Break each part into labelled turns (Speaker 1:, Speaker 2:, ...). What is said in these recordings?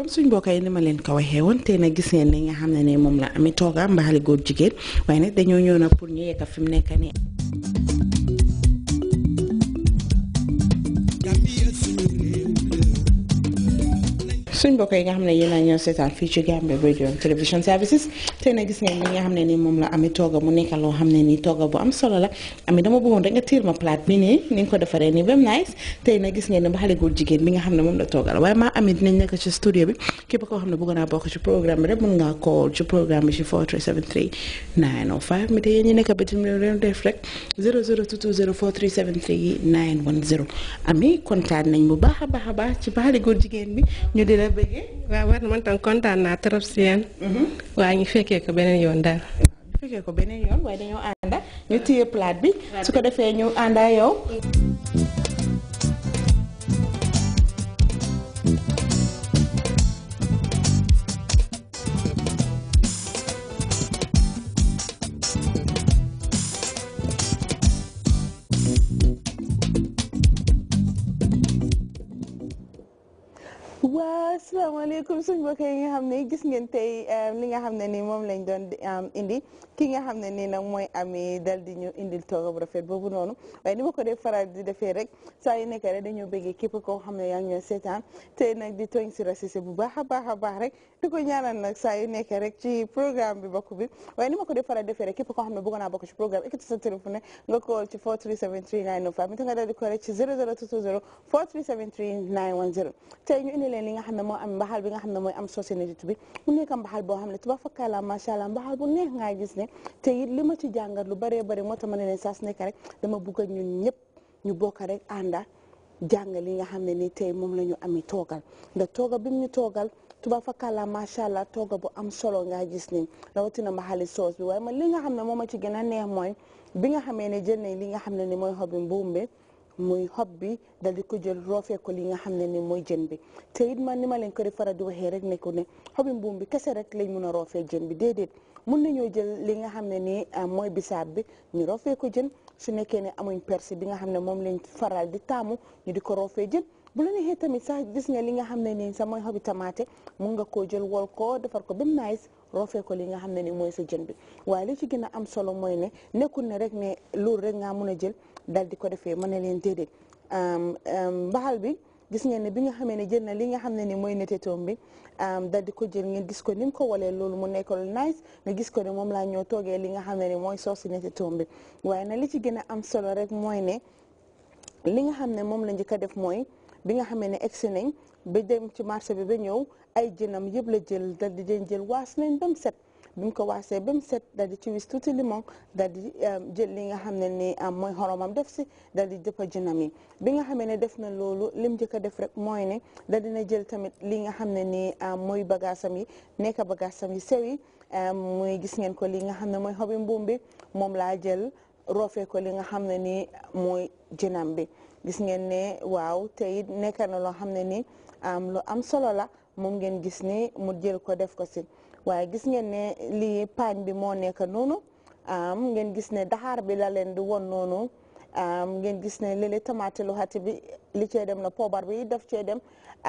Speaker 1: comme suñ mbokk yi ni ma leen ko waxee woon tey nag gis ngeen li nga xam ne ne moom la Amie tooga mbaxali góor jigéen waaye nag dañoo ñëw nag pour ñu yegg fi mu nekk nii. suñ mbokk yi nga xam ne yéen a ñëw seetaan fii ci Gambia Radio Television Services tey na gis ngeen li nga xam ne nii moom la ami tooga nañ bu baax a baax a baax ci ba xale góor jigéen bi ñu di la bëggee. waaw war na man tam kontaan naa trop si mm-hmm. waa ñu fekkee ko beneen yoon daal. ñu fekkee ko beneen yoon waaye dañoo ànda ñu téye plate bi. su ko defee ñu ànda yow. asalaamaaleykum suñ mbokk yi nga xam ne gis ngeen tey euh, li nga xam ne ni moom lañ doon indi ki nga xam ne nii nag mooy ami dal di ñu indil tooga bu rafet boobu noonu waaye ni ma ko dee faral di defee rek saa yu nekk rek dañoo bëggee képp koo xam ne yaa ngi ñoo seetaan te nag di tooñ si rasise bu baax a baax a baax rek di ko ñaanal nag saa yu nekkee rek ci programme bi bokk bi leen li nga xam ne moo am mbaxal ne mooy am société bi mu nekk mbaxal boo xam ne tubaab fakkaala macha allah mbaxal bu neex ngaa gis te it li ci jàngat lu bëree bëri moo tax ma ne leen saa su nekk rek dama bugg ñun ñëpp ñu bokk rek ànda nga xam ne ni te moom la ñu ami toogal ndax toogal bi mu ñu tubaab fakkaala macha allah tooga bu am solo nga gis ni rawatina maxali soos bi waaye man li nga xam ne moom a ci gën a neex mooy bi nga xamee ne jël li nga xam ne ni mooy xob bi muy xob bi dal di ko jël roofee ko li nga xam ne ni mooy jën bi it man ni ma leen ko faral di waxee rek ne ne xobi mbuum bi kese rek lañ mun a roofee jën bi déedéet mun nañoo jël li nga xam ne nii ah, mooy bisaab bi ñu roofee ko jën su nekkee ne amuñ persi bi nga xam ne moom lañ faral di taamu ñu di ko roofee jën bu tamit sax gis nga li nga xam ne ni sax mooy xobi tamaate mun nga koo jël wol ko defar ko ba mu nice roofee ko li nga xam ne ni mooy sa jën bi waaye li ci gën a am solo mooy ne nekkul ne rek ne loolu rek ngaa mun a jël dal di ko defee mën na leen déedéet mbaxal bi gis ngeen ne bi nga xamee ne jël na li nga xam ne ni mooy netetoom bi dal di ko jël ngeen gis ko ni ko walee loolu mu nekk lu gis ko ne moom laa ñoo toogee li nga xam ne ni mooy soosi netetoom bi waaye na li ci gën a am solo rek mooy ne li nga xam ne moom la njëkk a def mooy bi nga xamee ne egsi nañ ba dem ci marché bi ba ñëw ay jënam yëpp la jël dal di leen jël waas nañ ba mu set bi mu ko waasee ba set dal di ci wis tuuti limon dal di euh, jël li nga xam ne am euh, mooy xoromam def si dal di dëppa jënam yi bi nga xamee ne def na loolu lim njëkk a def rek mooy ne dal dina jël tamit li nga xam ne ni euh, mooy bagaasam yi nekk bagaasam yi sew yi muy gis ngeen ko li nga xam ne mooy xobi mbuum bi moom laa jël roofee ko li nga xam ne ni mooy jënam bi gis ngeen ne waaw te it nekk na loo xam ne ni lu am solo la moom ngeen gis ni mu jël ko def ko si waaye gis ngeen ne lii paan bi moo nekk noonu ngeen gis ne daxaar bi la leen di won noonu ngeen gis ne lële tamaate lu xati bi li cee dem la poobar bi daf cee dem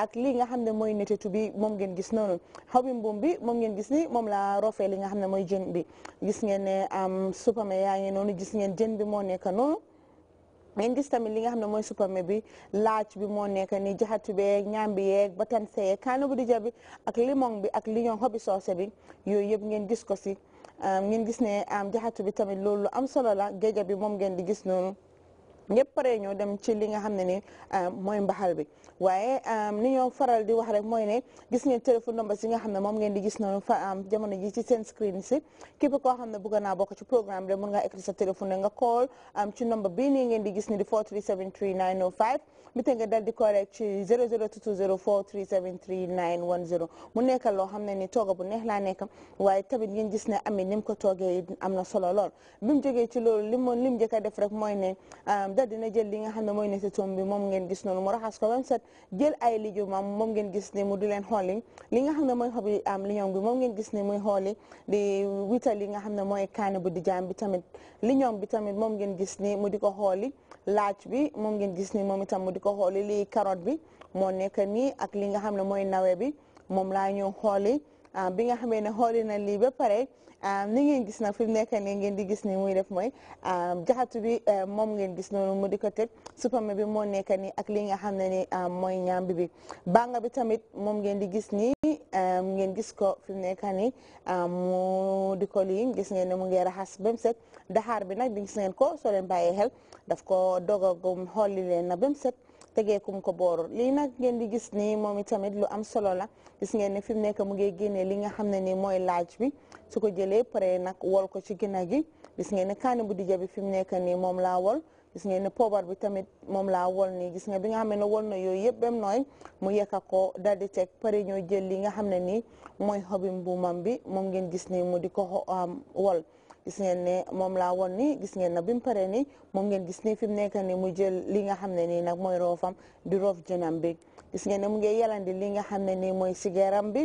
Speaker 1: ak lii nga xam ne mooy netetu bi moom ngeen gis noonu xaw bi mbuum bi moom ngeen gis ni moom la rofee li nga xam ne mooy jën bi gis ngeen ne supame yaa ngi noonu gis ngeen jën bi moo nekk noonu ngeen gis tamit li nga xam ne mooy supame bi laaj bi moo nekk ni jaxatu beeg bi yeeg batanse yeeg kaana bu di bi ak limon bi ak lion xobi soose bi yooyu yëpp ngeen gis ko si euh, ngeen gis ne jaxatu bi tamit loolu lu am solo la géeja bi moom ngeen di gis noonu ñëpp pare ñoo dem ci li nga xam ne ni euh, mooy mbaxal bi waaye euh, ni ñoo faral di wax rek mooy ne gis ngeen téléphone number si nga xam ne moom ngeen di gis noonu fa euh, ji ci seen screen si koo xam ne bëgg naa bokk ci programme bi mën ngaa écrire sa téléphone nga call ci number bii nii ngeen di gis ni di 4373905 bi te nga dal di call rek mu nekk loo xam ne ni tooga bu neex la nekk waaye tamit ngeen gis ne amit ni mu ko toogee am na solo lool bi mu jógee ci loolu li mu li mu njëkk a def rek mooy da dina jël li nga xam ne mooy ne si toom bi moom ngeen gis noonu mu raxas ko ba set jël ay lijumam moom ngeen gis ne mu di leen xooli li nga xam ne mooy xobi am liñoŋ bi moom ngeen gis ne muy xooli di wital li nga xam ne mooy kaani bu di jaam bi tamit liñoŋ bi tamit moom ngeen gis ni mu di ko xooli laaj bi moom ngeen gis ni moom itam mu di ko xooli lii karot bi moo nekk nii ak li nga xam ne mooy nawe bi moom laa ñëw xooli Ah, bi nga xamee ne xooli na lii ba pare ah, ni ngeen gis na fi mu nekk nii ngeen di gis ni muy def mooy ah, jaxatu bi eh, moom ngeen gis noonu mu di ko teg supame bi moo nekk nii ak li nga xam ne ni mooy ñaambi bi banga bi tamit moom ngeen di gis nii eh, ngeen gis ko fi mu nekk nii mu di ko lii gis ngeen ne mu ngi raxas ba mu daxaar bi nag di gis ngeen ko soo leen bàyyee xel daf ko dogagum xooli leen na ba tegeekum ko boor lii nag ngeen di gis nii moom itamit lu am solo la gis ngeen ne fi mu nekk mu ngi génnee li nga xam ne nii mooy laaj bi su ko jëlee pare nag wol ko ci ginaar gi gis ngeen ne kaani bu dija bi fi mu nekk nii moom laa wol gis ngeen ne poobar bi tamit moom laa wol nii gis nga bi nga xam ne wol na yooyu yëpp bam nooy mu yekka ko daal di teg pare ñoo jël li nga xam ne nii mooy xobi mbuumam bi moom ngeen gis nii mu di ko um, wol gis ngeen ne moom laa won ni gis ngeen na bi mu paree ni moom ngeen gis ne fi mu nekk ni mu jël li xam ne ni nag mooy roofam di roof jënam bi gis ngeen ne mu ngi yalandi li nga xam ne nii mooy sigaram bi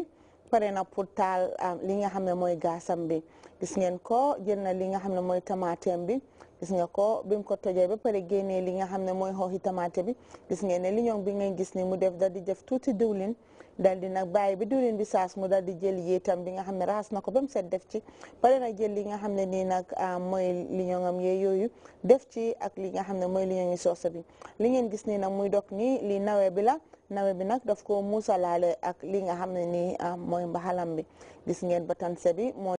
Speaker 1: pare na pour taal li nga xam ne mooy gaasam bi gis ngeen ko jël na li nga xam ne mooy tamaateem bi gis nga ko bi mu ko tojee ba pare génnee li nga xam ne mooy xooxi tamaate bi gis ngeen ne li ñoom bi ngeen gis ni mu def da di def tuuti diwlin dal di nag bàyyi bi diwlin bi saas mu dal di jël yéetam bi nga xam ne raxas na ko ba mu set def ci pare nag jël li nga xam ne nii nag ah, mooy li ñoŋam yee yooyu def ci ak li nga xam ne mooy li ñoŋi soosa bi li ngeen gis nii nag muy dog nii li nawe bi la nawe bi nag daf ko laale ak li nga xam ne nii ah, mooy mbaxalam bi gis ngeen batanse bi